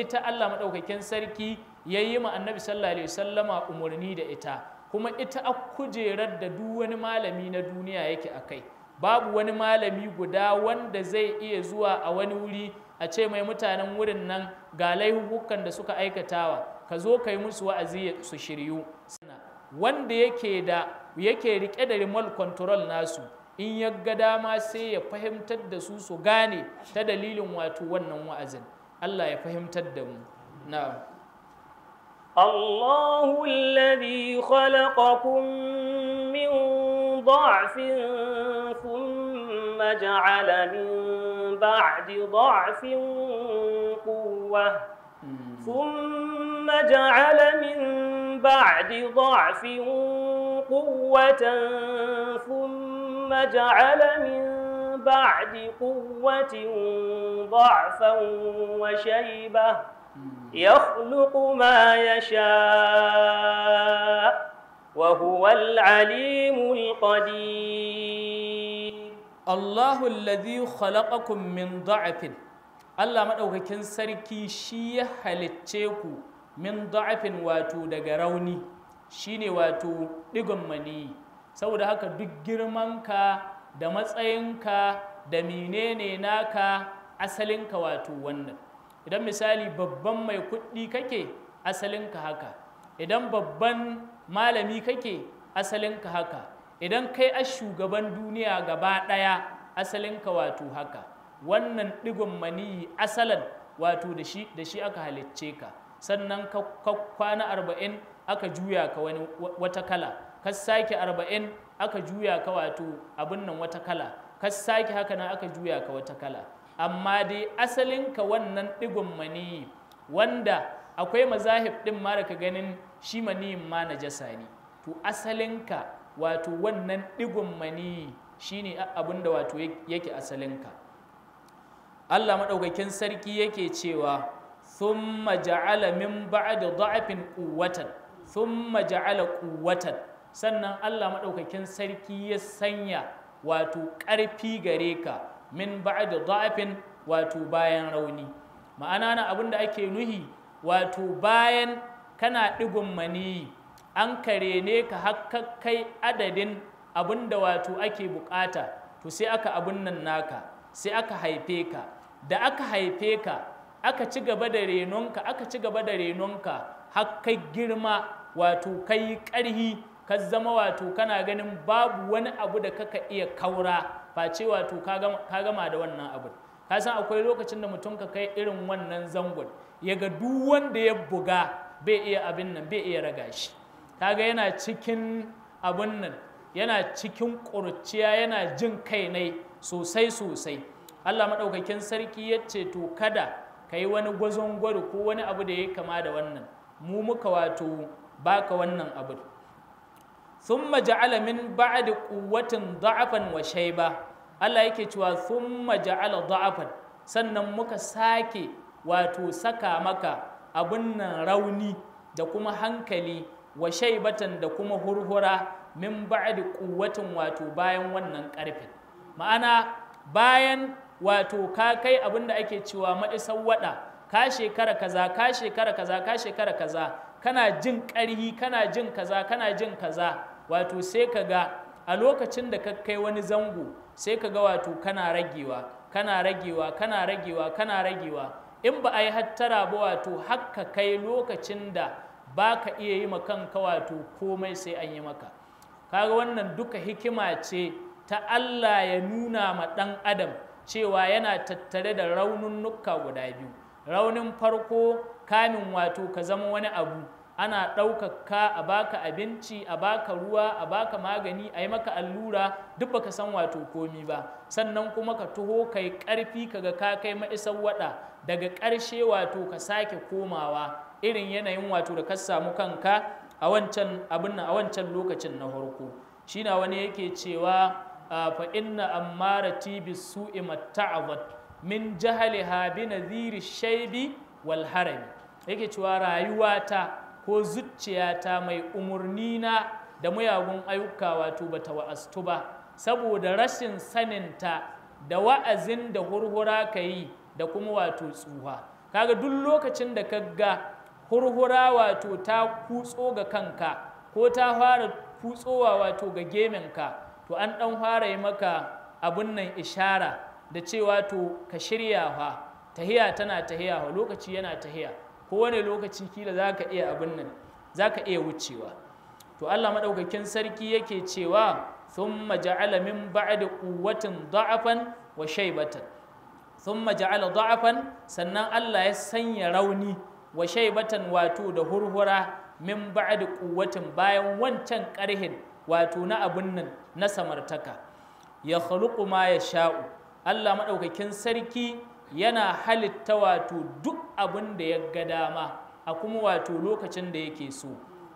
ita Allah maɗaukakin sarki ya yi ma annabi sallallahu alaihi wasallama umarni da ita kuma ita a kujerar da duk wani malami na duniya yake a kai babu wani malami guda wanda zai iya zuwa a wani wuri a ce mai mutanen wurin nan ga laihukan da suka aikatawa ka zo ka yi musu wa'azi su shiryu wanda yake da yake rike da remote control nasu in ya ga dama sai ya fahimtar da su su gane ta dalilin wato wannan wa'azin Allah ya fahimtar da mu na'am الله الذي خلقكم من ضعف ثم جعل من بعد ضعف قوة ثم جعل من بعد ضعف قوة ثم جعل من بعد قوة ضعفا وشيبة يخلق ما يشاء وهو العليم القدير الله الذي خلقكم min ضعف Allah maɗaukakin sarki shi ya halicce ku min da'afin wato daga rauni shine wato digon mani saboda haka duk girman ka, da matsayin ka, da menene naka asalinka wato wannan idan misali babban mai kuɗi kake asalinka haka idan babban malami kake asalinka haka idan kai a shugaban duniya gaba ɗaya asalinka wato haka wannan ɗigon maniyi asalan wato da shi aka halicce ka sannan ka kwana arba'in aka juya ka wani wata kala ka sake arba'in aka juya ka wato abin nan wata kala ka sake haka nan aka juya ka wata kala amma dai asalinka wannan digon mani wanda akwai mazahib din ma da ka ganin shi maniyin ma na jasa ne to asalinka ka wato wannan digon maniyi shine abin da wato yake asalinka. Allah maɗaukakin sarki yake cewa sun maja'ala min da za'afin ƙuwatar sun maja'ala ƙuwatar sannan Allah maɗaukakin sarki ya sanya wato ƙarfi gare ka min ba'di da'afin wato bayan rauni ma'ana na abin da ake nuhi wato bayan kana digon mani an kare ne ka hakkakai adadin abin da wato ake bukata to sai aka abin nan naka sai aka haife ka da aka haife ka aka ci gaba da renonka aka ci gaba da renon ka, haka girma wato kai ƙarhi ka zama wato kana ganin babu wani abu da kaka iya kaura face wato ka gama da wannan abin ka san akwai lokacin da mutum ka kai irin wannan zangon ya ga duk wanda ya buga bai iya abin nan bai iya raga shi kaga yana cikin abin nan yana cikin ƙurciya yana jin kai nai sosai sosai Allah maɗaukakin sarki ya ce to kada ka yi wani gwazon gwari ko wani abu da ya yi kama da wannan mu muka wato baka wannan abin sun ja'ala min ba'adi quwwatin da'afan wa Allah yake cewa sun maja'ala da'afan sannan muka sake wato saka maka abin nan rauni da kuma hankali wa shaibatan da kuma hurhura min ba'di kuwatin wato bayan wannan ƙarfin ma'ana bayan wato ka kai abin da ake cewa maɗisan waɗa ka shekara kaza ka shekara kaza ka shekara kaza kana jin ƙarhi kana jin kaza kana jin kaza wato sai ka ga a lokacin da ka kai wani zango sai ka ga wato kana ragewa kana ragewa kana ragewa kana ragewa in ba a yi hattara ba wato haka kai lokacin da ba ka iya yi kanka wato komai sai an yi maka kaga wannan duka hikima ce ta Allah ya nuna ma ɗan adam cewa yana tattare da raunin nuka guda biyu raunin farko kamin wato ka zama wani abu ana ɗaukaka a baka abinci a baka ruwa a baka magani a yi maka allura duk baka san wato komi ba sannan kuma ka taho kai ƙarfi kaga ka kai ma'isar waɗa daga ƙarshe wato ka sake komawa irin yanayin wato da ka samu kanka a wancan abin a wancan lokacin na farko shi wani yake cewa fa inna ammarati bisu'i matta'abat min jahaliha bi nadhiri shaibi wal yake cewa rayuwata ko zuciyata mai umurni na da mayagun ayyuka wato ba ta wa'astu ba saboda rashin saninta da wa'azin da hurhura ka yi da kuma wato tsuha kaga duk lokacin da ka ga hurhura wato ta kutso ga kanka ko ta fara kutsowa wato ga geminka to an ɗan fara yi maka abin nan ishara da cewa to ka shirya fa tahiya tana tahiya wa? lokaci yana tahiya kowane lokaci kila za ka iya abin nan za ka iya wucewa to Allah maɗaukakin sarki yake cewa sun ja'ala min ba'di quwwatin da'afan wa shaybatan Sun ja'ala da'afan sannan Allah ya sanya rauni wa shaybatan wato da hurhura min ba'di quwwatin bayan wancan ƙarhin wato na abun nan na samartaka ya khluqu ma sha'u Allah maɗaukakin sarki yana halitta wato duk abin da ya ga dama a kuma wato lokacin da yake so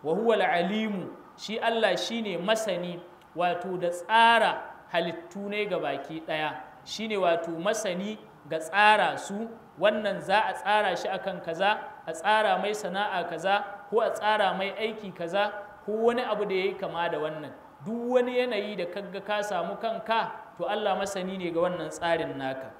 wa huwa alimu shi Allah shine masani wato da tsara halittu ne ga baki ɗaya shine wato masani ga tsara su wannan za a tsara shi akan kaza a tsara mai sana'a kaza ko a tsara mai aiki kaza ko wani abu da ya yi kama da wannan duk wani yanayi da kaga ka samu kanka to Allah masani ne ga wannan tsarin naka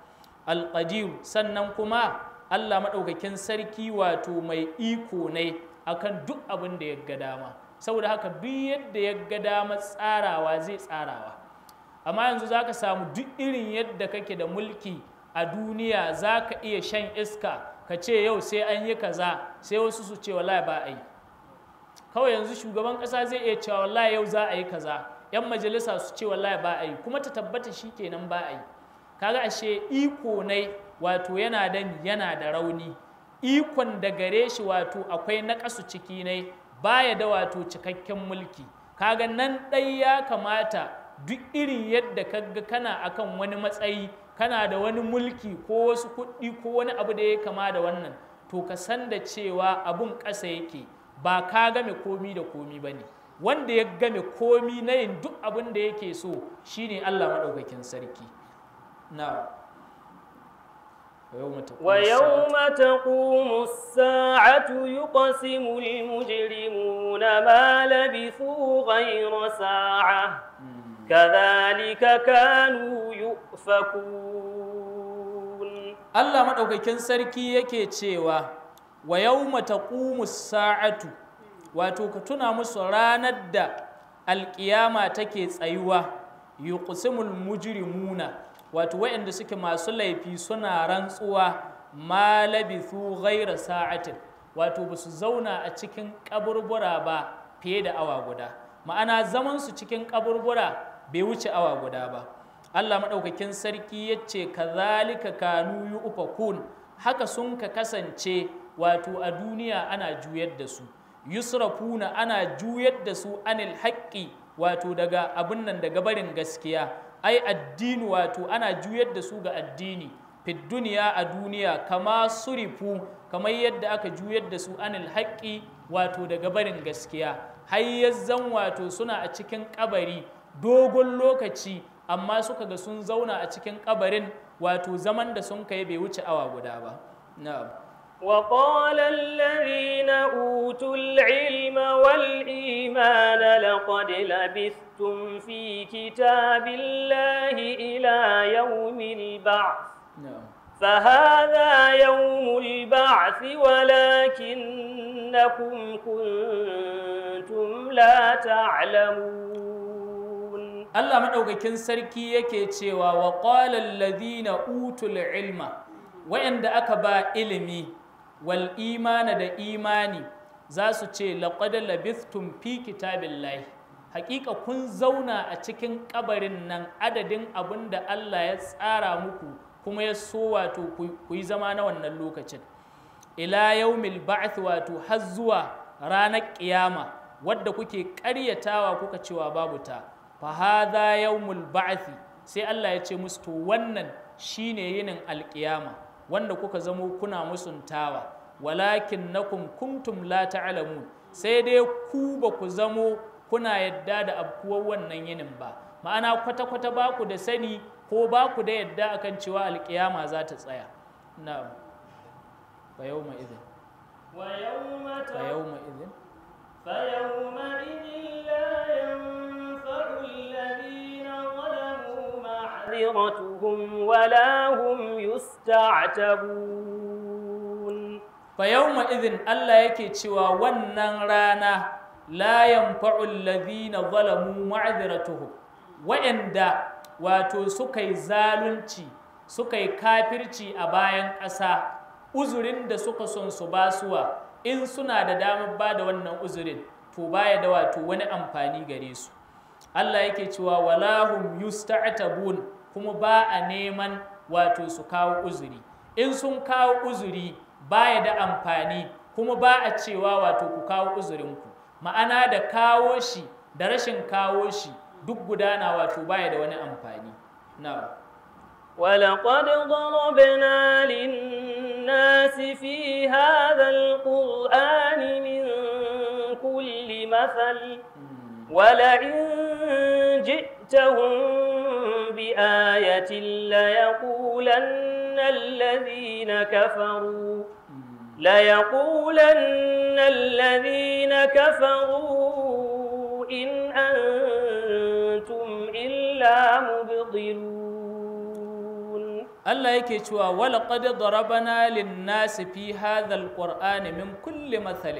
alƙadim sannan kuma Allah maɗaukakin sarki wato mai iko ne akan duk abin da ya ga dama saboda haka duk yadda ya ga dama tsarawa zai tsarawa amma yanzu za ka samu duk irin yadda kake da mulki a duniya za ka iya shan iska ka ce yau sai an yi kaza sai wasu su ce wallahi ba a yi kawai yanzu shugaban ƙasa zai iya cewa wallahi yau za a yi kaza 'yan majalisa su ce wallahi ba a yi kuma ta tabbata shi kenan ba a yi kaga ashe iko ne wato yana da yana da rauni ikon da gare shi wato akwai naƙasu ciki ne baya da wato cikakken mulki kaga nan ɗai ya kamata duk irin yadda kaga kana akan wani matsayi kana da wani mulki ko wasu kuɗi ko wani abu da ya kama da wannan to ka san da cewa abun ƙasa yake ba ka game komi da komi ba ne wanda ya game komi na yin duk abin da yake so shine Allah maɗaukakin sarki نعم ويوم تقوم, ويوم تقوم الساعة يقسم المجرمون ما لبثوا غير ساعة كذلك كانوا يؤفكون الله سركي yake cewa wa yawma taqumu sa'atu wato ka tuna musu ranar da alƙiyama take tsayuwa yuqsimul mujrimuna wato waɗanda suke masu laifi suna rantsuwa ma labithu ghaira sa'atin wato ba su zauna a cikin kaburbura ba fiye da awa guda ma'ana zaman su cikin kaburbura bai wuce awa guda ba Allah maɗaukakin sarki ya ce kazalika kanu yu'fakun haka sun ka kasance wato a duniya ana juyar da su yusrafuna ana juyar da su anil haƙƙi wato daga abun nan daga barin gaskiya ai addini wato ana juyar da su ga addini fid duniya a duniya kama surifu kamar yadda aka juyar da su anil haƙƙi wato daga barin gaskiya hayyazzan wato suna a cikin kabari dogon lokaci amma suka ga sun zauna a cikin kabarin wato zaman da sun kai bai wuce awa guda ba na'am وقال الذين أوتوا العلم والإيمان لقد لبثتم في كتاب الله إلى يوم البعث فهذا يوم البعث ولكنكم كنتم لا تعلمون الله مدوكين سركي yake cewa وقال الذين أوتوا العلم wa'anda aka ba ilimi wal imana da imani za su ce laƙwada labistun fi kitabillahi hakika kun zauna a cikin ƙabarin nan adadin abin da Allah ya tsara muku kuma ya so wato ku yi zama na wannan lokacin ila yaumil ba'th wato har zuwa ranar ƙiyama, wadda kuke ƙaryatawa kuka cewa babu ta fa hadha yaumul ba'th sai Allah ya ce musu to wannan shine yinin alƙiyama. wanda kuka zamo kuna musuntawa walakin nakum kuntum la ta'lamun sai dai ku ba ku zamo kuna yadda da abkuwar wannan yinin ba ma'ana kwata-kwata ba ku da sani ko ba ku da yadda akan cewa alkiyama za ta tsaya na fa yawma idhin wa fa la مغفرتهم ولا هم يستعتبون yake cewa wannan rana la yanfa'u alladhina zalamu ma'dhiratuhum wa'anda wato suka yi zalunci suka yi kafirci a bayan ƙasa uzurin da suka son su basuwa in suna da damar ba da wannan uzurin to baya da wato wani amfani gare su Allah yake cewa walahum yusta'tabun kuma ba a neman wato su kawo uzuri in sun kawo uzuri baya da amfani kuma ba a cewa wato ku kawo uzurin ku ma'ana da kawo shi da rashin kawo shi duk gudana wato baya da wani amfani na'am ولقد ضربنا للناس في هذا القرآن من كل مثل ولئن جئتهم بآية ليقولن الذين كفروا ليقولن الذين كفروا إن أنتم إلا مبطلون الله يكتوى ولقد ضربنا للناس في هذا القرآن من كل مثل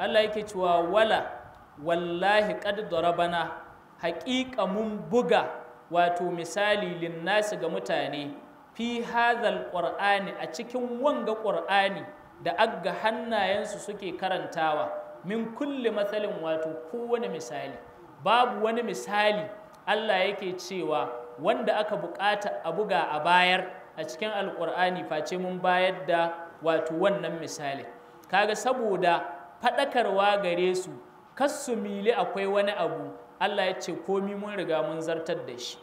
الله يكتوى ولا wallahi qad darabana haƙiƙa mun buga wato misali linnasi ga mutane fi hadhal qur'ani a cikin wanga ƙur'ani da agga hannayensu suke karantawa min kulle matsalin wato kowane misali babu wani misali Allah yake cewa wanda aka buƙata a buga a bayar a cikin alkur'ani face mun bayar da wato wannan misali kaga saboda faɗakarwa gare su kassu mili akwai wani abu Allah ya ce komi mun riga mun zartar da shi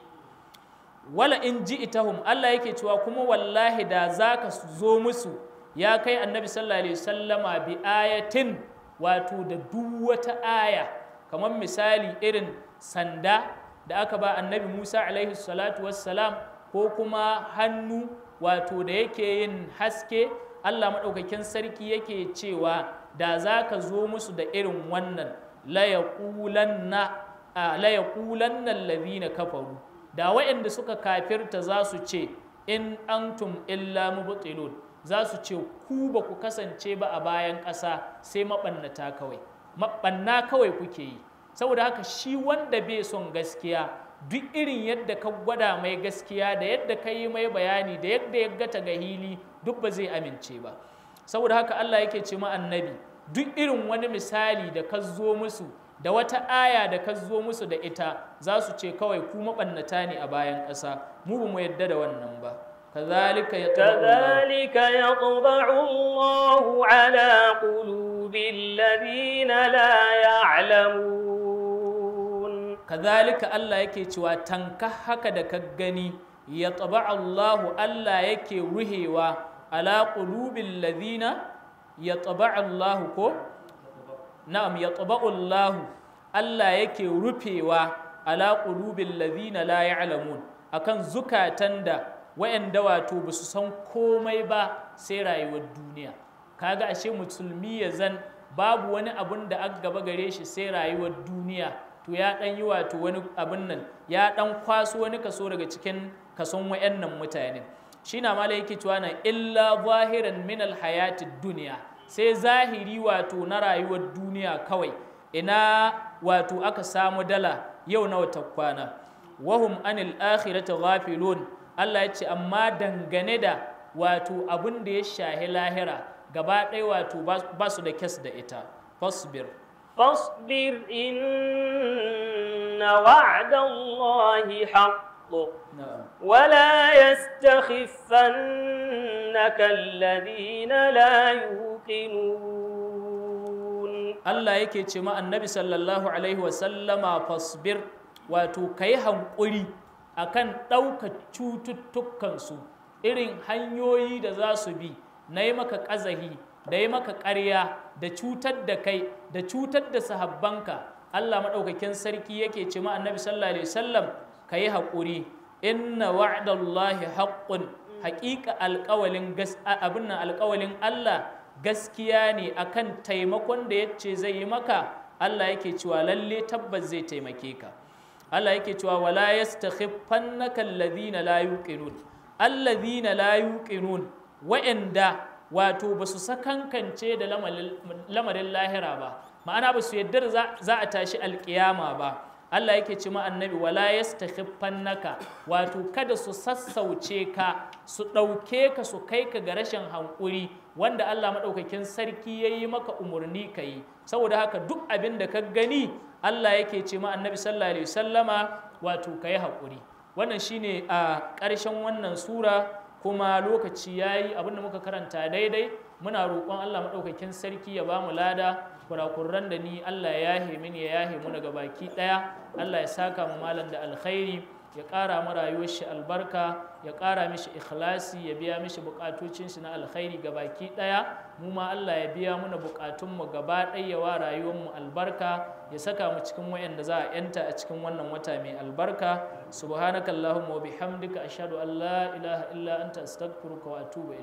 wala in ji itahum Allah yake cewa kuma wallahi da za ka zo musu ya kai annabi sallallahu alaihi wasallama bi ayatin wato da duk wata aya kamar misali irin sanda da aka ba annabi Musa alaihi salatu wassalam ko kuma hannu wato da yake yin haske Allah maɗaukakin sarki yake cewa da za ka zo musu da irin wannan la yaqulanna la yaqulanna na kafaru da waɗanda suka kafirta za su ce in antum illa mubtilun za su ce ku ba ku kasance ba a bayan ƙasa sai maɓannata kawai maɓanna kawai kuke yi saboda haka shi wanda bai son gaskiya duk irin yadda ka gwada mai gaskiya da yadda ka yi mai bayani da yadda ya gata ga hili duk ba zai amince ba saboda haka Allah yake ce ma annabi duk irin wani misali da ka zo musu da wata aya da ka zo musu da ita za su ce kawai ku maɓannata ne a bayan ƙasa mu mu yadda da wannan ba kazalika ya kazalika Allahu ala qulubil ladina la ya'lamun kazalika Allah yake cewa tanka haka da ka gani ya taba Allahu Allah yake ruhewa ala qulubil ladina ya taba Allahu ko na'am yatba'u Allahu Allah yake rufewa ala qulubil ladina la ya'lamun akan zukatan da wayanda wato basu san komai ba sai rayuwar duniya kaga ashe musulmi ya zan babu wani abun da aka gaba gare shi sai rayuwar duniya to ya dan yi wato wani abun nan ya dan kwaso wani kaso daga cikin kason wayannan mutane shi na mala yake cewa na illa zahiran minal hayatin duniya sai zahiri wato na rayuwar duniya kawai ina wato aka samu dala yau nawa ta kwana wahum anil akhirati ghafilun Allah ya ce amma dangane da wato abin da ya shahi lahira gaba ɗaya wato ba su da kes da ita fasbir fasbir inna wa'da Allah haqq الحق ولا يستخفنك الذين لا يوقنون الله yake ce ma annabi sallallahu wato kai hanƙuri akan ɗaukar cututtukansu irin hanyoyi da za su bi na yi maka ƙazahi da yi maka ƙarya da cutar da kai da cutar da sahabbanka Allah maɗaukakin sarki yake ce ma annabi sallallahu alaihi wasallam ka yi haƙuri inna wa'dallahi haƙƙun haƙiƙa alƙawalin abin alƙawalin Allah gaskiya ne akan taimakon da ya ce zai yi maka Allah yake cewa lalle tabbas zai taimake ka Allah yake cewa wala yastakhiffannaka alladhina la yuqinun alladhina la yuqinun wa'anda wato ba su sakankance da lamarin lahira ba ma'ana ba su yadda za a tashi alƙiyama ba Allah yake ce ma annabi wala naka wato kada su sassauce ka su ɗauke ka su kai ka ga rashin hankuri wanda Allah maɗaukakin sarki ya yi maka umarni ka yi saboda haka duk abin da ka gani Allah yake ce ma annabi sallallahu alaihi wasallama wato ka yi haƙuri wannan shine a ƙarshen wannan sura kuma lokaci yayi da muka karanta daidai muna roƙon Allah maɗaukakin sarki ya ba mu lada kurakuran da ni Allah ya yahe mini ya yahe mu daga baki ɗaya. Allah ya saka mu malam da alkhairi ya ƙara mu rayuwar shi albarka ya ƙara mishi ikhlasi ya biya mishi bukatocin shi na alkhairi ga baki ɗaya. mu ma Allah ya biya muna bukatun mu gaba ɗaya wa rayuwar mu albarka ya saka mu cikin wayanda za a yanta a cikin wannan wata mai albarka subhanakallahumma wa bihamdika ashhadu an la ilaha illa anta astaghfiruka wa atubu